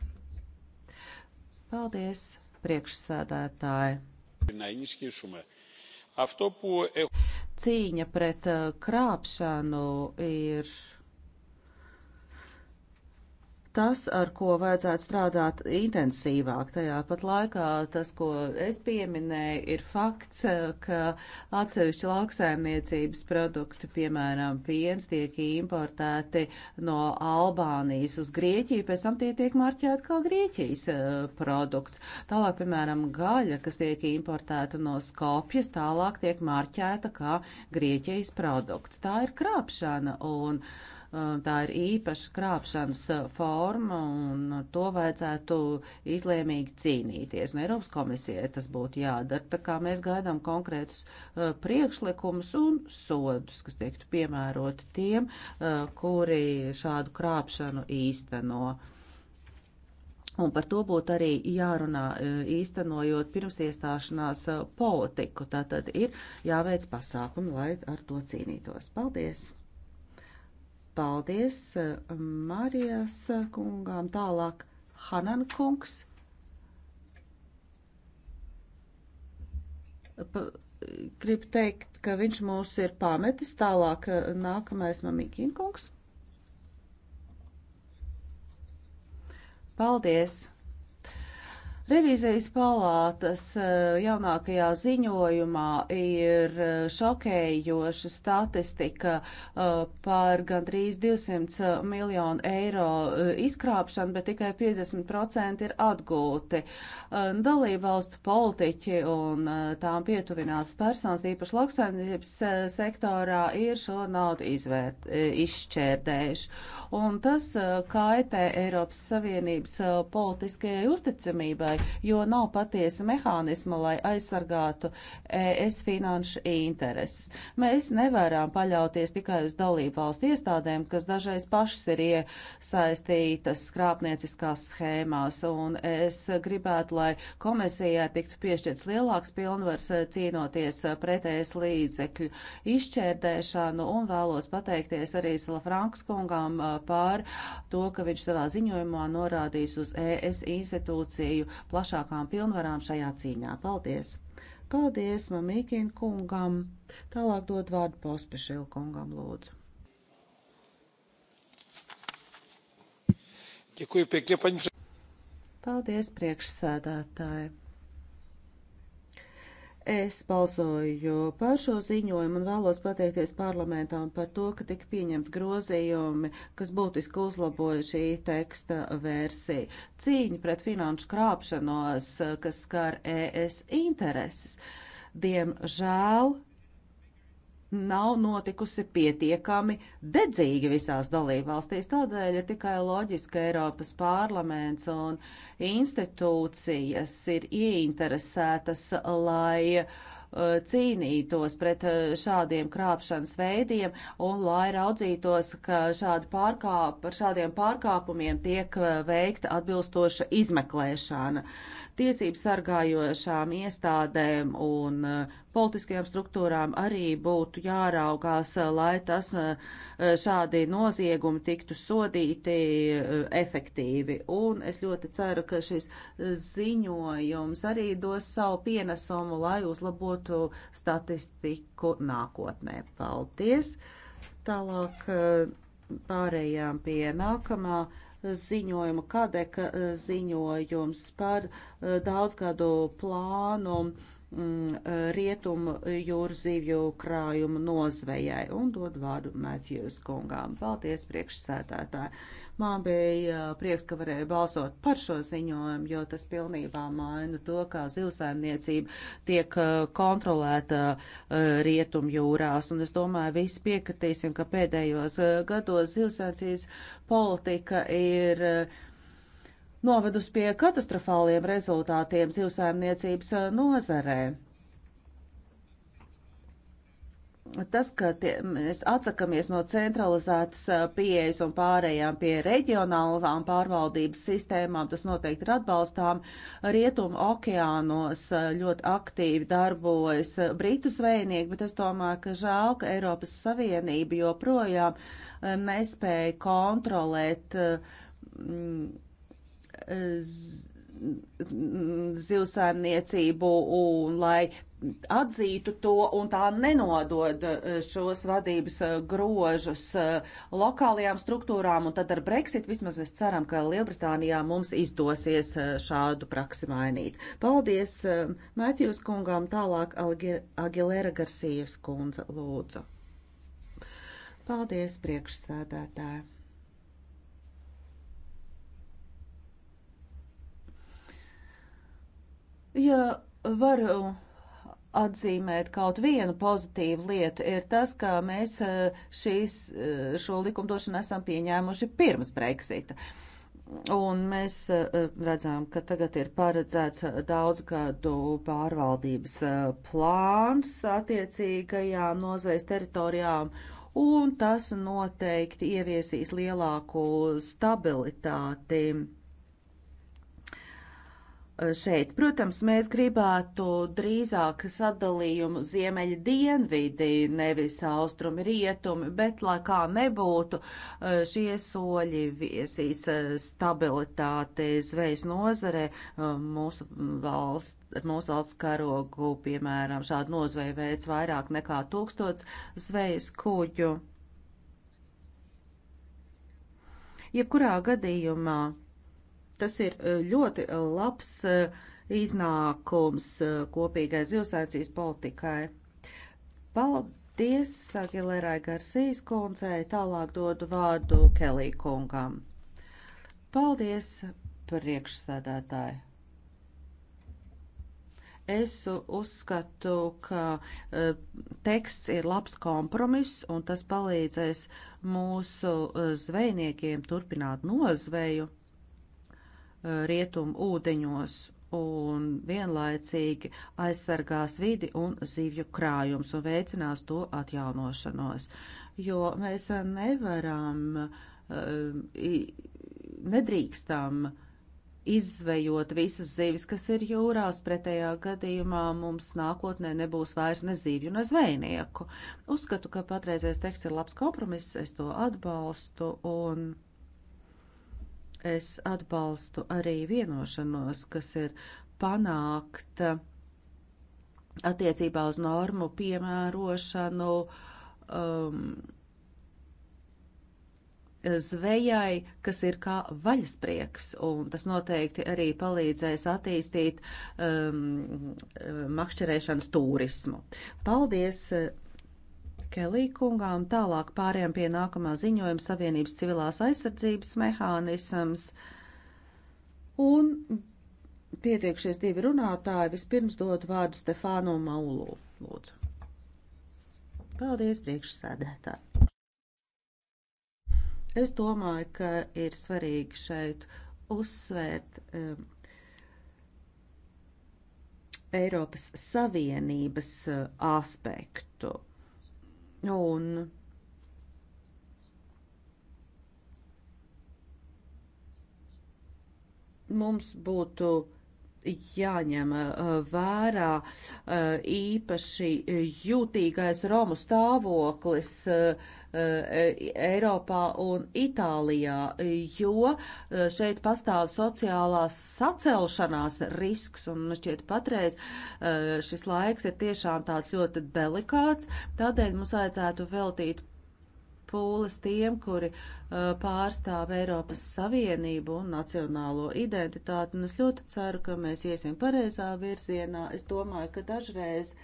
Paldies, priekšsēdētāji. E- Cīņa pret eh, krāpšanu ir tas, ar ko vajadzētu strādāt intensīvāk. Tajā pat laikā tas, ko es pieminēju, ir fakts, ka atsevišķi lauksaimniecības produkti, piemēram, piens, tiek importēti no Albānijas uz Grieķiju, pēc tam tie tiek marķēti kā Grieķijas eh, produkts. Tālāk, piemēram, gaļa, kas tiek importēta no Skopjas, tālāk tiek marķēta kā Grieķijas produkts. Tā ir krāpšana. Un, uh, Uh, tā ir īpaša krāpšanas uh, forma, un ar to vajadzētu izlēmīgi cīnīties. Un Eiropas komisijai tas būtu jādara, tā kā mēs gaidām konkrētus uh, priekšlikumus un sodus, kas tiektu piemēroti tiem, kuri šādu krāpšanu īsteno. Un par to būtu arī jārunā īstenojot pirms iestāšanās politiku. Tātad ir jāveic pasākumi, lai ar to cīnītos. Paldies! Paldies eh, Marijas kungām. Tālāk Hanan kungs. Pa, gribu teikt, ka viņš mūs ir pametis. Tālāk eh, nākamais Mamikīn kungs. Paldies! Revīzijas palātas eh, jaunākajā ziņojumā ir eh, šokējoša statistika eh, par gandrīz 200 miljonu eiro izkrāpšanu, bet tikai 50% ir atgūti. Dalībvalstu politiķi un tām pietuvināts personas, īpaši lauksaimniecības sektorā, ir šo naudu izvērt, izšķērdējuši. Un tas kaitē Eiropas Savienības politiskajai uzticamībai jo nav patiesa mehānisma, lai aizsargātu es finanšu intereses. Mēs nevaram paļauties tikai uz dalību valstu iestādēm, kas dažreiz pašas ir iesaistītas skrāpnieciskās schēmās, un es gribētu, lai komisijai tiktu piešķirts lielāks pilnvars eh, cīnoties eh, pretējas e līdzekļu izšķērdēšanu, un vēlos pateikties arī Salafrankas kungām eh, par to, ka viņš savā ziņojumā norādījis uz ES institūciju plašākām pilnvarām šajā cīņā. Paldies! Paldies Mamīkin kungam! Tālāk dod vārdu Pospešil kungam lūdzu. Paldies priekšsēdētāji! Es balsoju par šo ziņojumu un vēlos pateikties parlamentam par to, ka tika pieņemt grozījumi, kas būtiski uzlaboja šī teksta versiju. Cīņa pret finanšu krāpšanos, kas skar ES intereses. Diemžēl nav notikusi pietiekami dedzīgi visās dalībvalstīs. Tādēļ ir tikai loģiski, ka Eiropas parlaments un institūcijas ir ieinteresētas, lai uh, cīnītos pret uh, šādiem krāpšanas veidiem un lai raudzītos, ka šādi pārkāp, par šādiem pārkāpumiem tiek uh, veikta atbilstoša izmeklēšana tiesību sargājošām iestādēm un eh, politiskajām struktūrām arī būtu jāraugās, eh, lai tas eh, šādi noziegumi tiktu sodīti efektīvi. Un es ļoti ceru, ka šis ziņojums arī dos savu pienesumu, lai uzlabotu statistiku nākotnē. Paldies! Tālāk pārējām pie nākamā ziņojuma, Kadeka eh, ziņojums par eh, daudzgadu plānu mm, eh, rietumu jūras zīvju krājumu nozvejai un dod vārdu Matthews kungām. Paldies, priekšsēdētāji! Man bija prieks, ka varēju balsot par šo ziņojumu, jo tas pilnībā maina to, kā zivsaimniecība tiek kontrolēta rietumjūrās. Un es domāju, visi piekritīsim, ka pēdējos gados zivsaimniecības politika ir novedus pie katastrofāliem rezultātiem zivsaimniecības nozarē tas, ka tie, mēs atsakamies no centralizētas pieejas un pārējām pie reģionālām pārvaldības sistēmām, tas noteikti ir atbalstām. Rietumu okeānos ļoti aktīvi darbojas Britu zvejnieki, bet es domāju, ka žēl, ka Eiropas Savienība joprojām nespēja kontrolēt. Mm, z, zivsaimniecību un lai atzītu to un tā nenodod eh, šos vadības eh, grožus eh, lokālajām struktūrām, un tad ar Brexit vismaz mēs ceram, ka Lielbritānijā mums izdosies šādu praksi mainīt. Paldies Mētjūs kungām, tālāk Agilera Garcijas kundze lūdzu. Paldies priekšsēdētāji. Ja varu atzīmēt kaut vienu pozitīvu lietu, ir tas, ka mēs e, šīs, e, šo likumdošanu esam pieņēmuši pirms Brexita. Un mēs e, redzam, ka tagad ir paredzēts daudzgadu pārvaldības plāns attiecīgajām nozares teritorijām, un tas noteikti ieviesīs lielāku stabilitāti šeit. Protams, mēs gribētu drīzāk sadalījumu ziemeļa dienvidi, nevis austrumi rietumi, bet, lai kā nebūtu, eh, šie soļi viesīs eh, stabilitāti zvejas nozarē eh, mūsu valsts. Mūsu valsts karogu, piemēram, šādu nozveju veids vairāk nekā tūkstots zvejas kuģu. Jebkurā gadījumā Tas ir e, ļoti e, labs e, iznākums kopīgai zivsācijas politikai. Paldies, Agilērai Garsīs kundzei, tālāk dodu vārdu Kelī kungam. Paldies, priekšsēdētāji! es uzskatu, ka uh, teksts ir labs kompromiss un tas palīdzēs mūsu uh, zvejniekiem turpināt nozveju rietumu ūdeņos un vienlaicīgi aizsargās vidi un zivju krājums un veicinās to atjaunošanos. Jo mēs nevaram, eh, nedrīkstam izzvejot visas zivis, kas ir jūrās, pretējā gadījumā mums nākotnē nebūs vairs ne zivju, ne zvejnieku. Uzskatu, ka patreizējais teksts ir labs kompromiss, es to atbalstu un. Es atbalstu arī vienošanos, kas ir panākta attiecībā uz normu piemērošanu um, zvejai, kas ir kā vaļasprieks, un tas noteikti arī palīdzēs attīstīt um, makšķerēšanas turismu. Paldies! Kelī kungām. Tālāk pāriem pie nākamā ziņojuma Savienības civilās aizsardzības mehānisms. Un pietiekšies divi runātāji. Vispirms dod vārdu Stefāno Maulu. Lūdzu. Paldies, priekšsēdētāji. Es domāju, ka ir svarīgi šeit uzsvērt um, Eiropas Savienības uh, aspektu. Un mums būtu jāņem uh, vērā uh, īpaši jūtīgais Romu stāvoklis uh, e, Eiropā un Itālijā, jo šeit pastāv sociālās sacelšanās risks, un šķiet patreiz šis laiks ir tiešām tāds ļoti delikāts, tādēļ mums vajadzētu veltīt pūles tiem, kuri uh, pārstāv Eiropas Savienību un nacionālo identitāti. Un es ļoti ceru, ka mēs iesim pareizā virzienā. Es domāju, ka dažreiz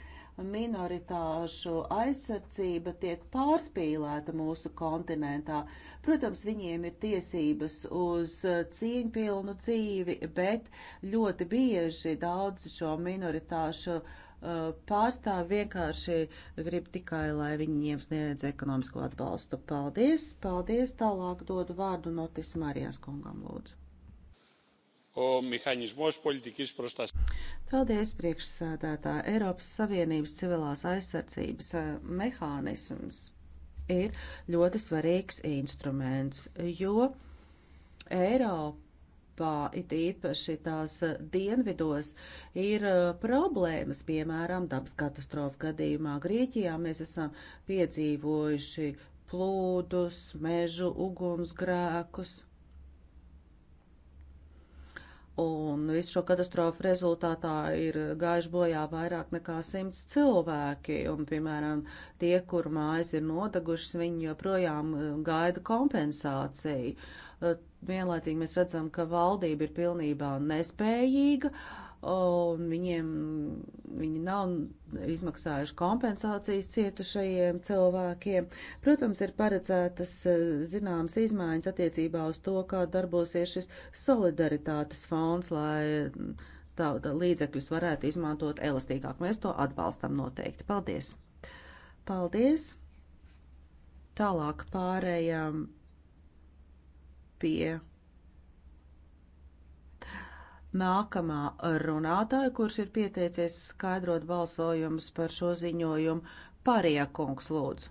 minoritāšu aizsardzība tiek pārspīlēta mūsu kontinentā. Protams, viņiem ir tiesības uz uh, cieņpilnu dzīvi, bet ļoti bieži daudz šo minoritāšu uh, pārstāvi vienkārši grib tikai, lai viņi iesniedz ekonomisko atbalstu. Paldies, paldies, tālāk dodu vārdu Notis Marijas kungam lūdzu. Paldies, priekšsēdētā. Eiropas Savienības civilās aizsardzības eh, mehānisms ir ļoti svarīgs instruments, jo Eiropa Eiropā, it īpaši tās dienvidos, ir uh, problēmas, piemēram, dabas katastrofu gadījumā. Grieķijā mēs esam piedzīvojuši plūdus, mežu ugunsgrēkus. Un visu šo katastrofu rezultātā ir gājuši bojā vairāk nekā simts cilvēki, un, piemēram, tie, kur mājas ir nodegušas, viņi joprojām uh, gaida kompensāciju vienlaicīgi mēs redzam, ka valdība ir pilnībā nespējīga, un viņiem, viņi nav izmaksājuši kompensācijas cietušajiem cilvēkiem. Protams, ir paredzētas zināmas izmaiņas attiecībā uz to, kā darbosies šis solidaritātes fonds, lai tā, tā līdzekļus varētu izmantot elastīgāk. Mēs to atbalstam noteikti. Paldies! Paldies! Tālāk pārējām pie nākamā runātāja, kurš ir pieteicies skaidrot balsojumus par šo ziņojumu. Pariekungs lūdzu.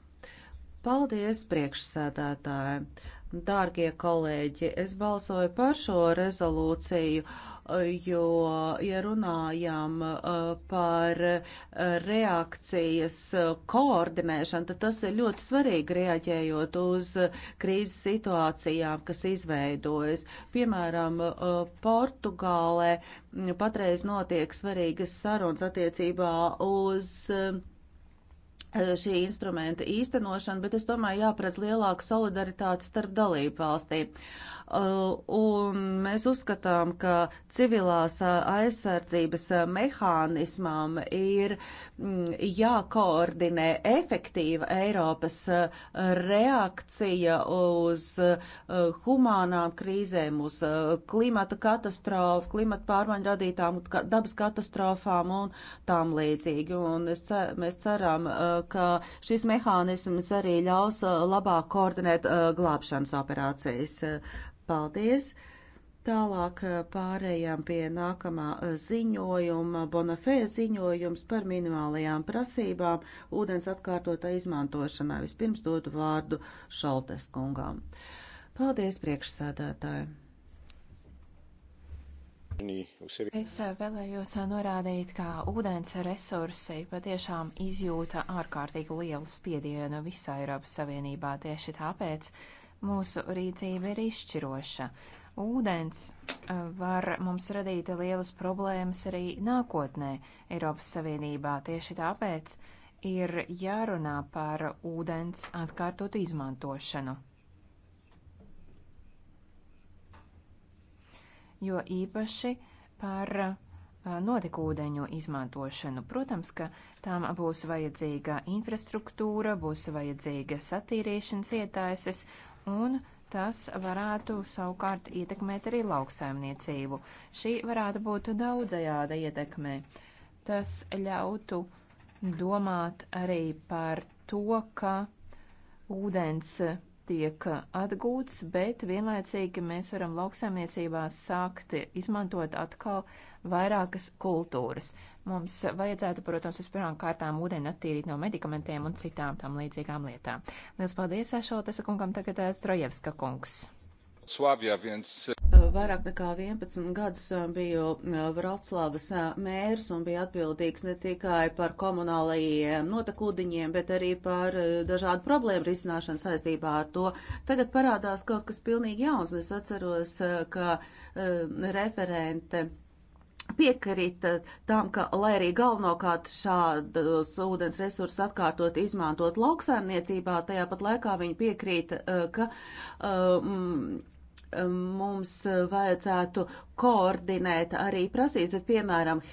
Paldies priekšsēdētājiem! Dārgie kolēģi, es balsoju par šo rezolūciju jo ierunājam ja eh, par eh, reakcijas eh, koordinēšanu, tad tas ir ļoti svarīgi reaģējot uz krīzes situācijām, kas izveidojas. Piemēram, Portugālē mm, patreiz notiek svarīgas sarunas attiecībā uz šī instrumenta īstenošanu, bet es domāju, jāpredz lielāka solidaritāte starp dalību valstīm. Uh, un mēs uzskatām, ka civilās uh, aizsardzības uh, mehānismām ir mm, jākoordinē efektīva Eiropas reakcija uz humānām krīzēm, uz klimata katastrofu, klimata pārmaiņu radītām dabas katastrofām un tām līdzīgi. Un es, mēs ceram, ka šis mehānisms arī ļaus labāk koordinēt glābšanas operācijas. Paldies! Tālāk eh, pārējām pie nākamā eh, ziņojuma, Bonafē ziņojums par minimālajām prasībām ūdens atkārtotā izmantošanā. Vispirms dodu vārdu Šaltes kungām. Paldies, priekšsēdētāji! Es eh, vēlējos norādīt, ka ūdens resursi patiešām izjūta ārkārtīgi lielu spiedienu visā Eiropas Savienībā. Tieši tāpēc Mūsu rīcība ir izšķiroša. Ūdens eh, var mums radīt lielas problēmas arī nākotnē Eiropas Savienībā. Tieši tāpēc ir jārunā par ūdens atkārtotu izmantošanu. Jo īpaši par eh, notekūdeņu izmantošanu. Protams, ka tām būs vajadzīga infrastruktūra, būs vajadzīgas attīrīšanas ietaises un tas varētu savukārt ietekmēt arī lauksaimniecību. Šī varētu būt daudzajāda ietekme. Tas ļautu domāt arī par to, ka ūdens tiek atgūts, bet vienlaicīgi mēs varam lauksaimniecībā sākt izmantot atkal vairākas kultūras. Mums vajadzētu, protams, vispirmām kārtām ūdeni attīrīt no medikamentiem un citām tam līdzīgām lietām. Lielas paldies, Ešautas kungam, tagad eh, Strojevska kungs. Slavijā viens. Eh, vairāk nekā 11 gadus eh, biju Vroclavas mērs un biju atbildīgs ne tikai par komunālajiem notekūdiņiem, bet arī par dažādu problēmu risināšanu saistībā ar to. Tagad parādās kaut kas pilnīgi jauns, un es atceros, ka referente piekrīt eh, tam, ka, lai arī galvenokārt šādus ūdens resursus atkārtot izmantot lauksaimniecībā, tajā pat laikā viņi piekrīt, eh, ka um, mums vajadzētu koordinēt arī prasīs, bet, piemēram,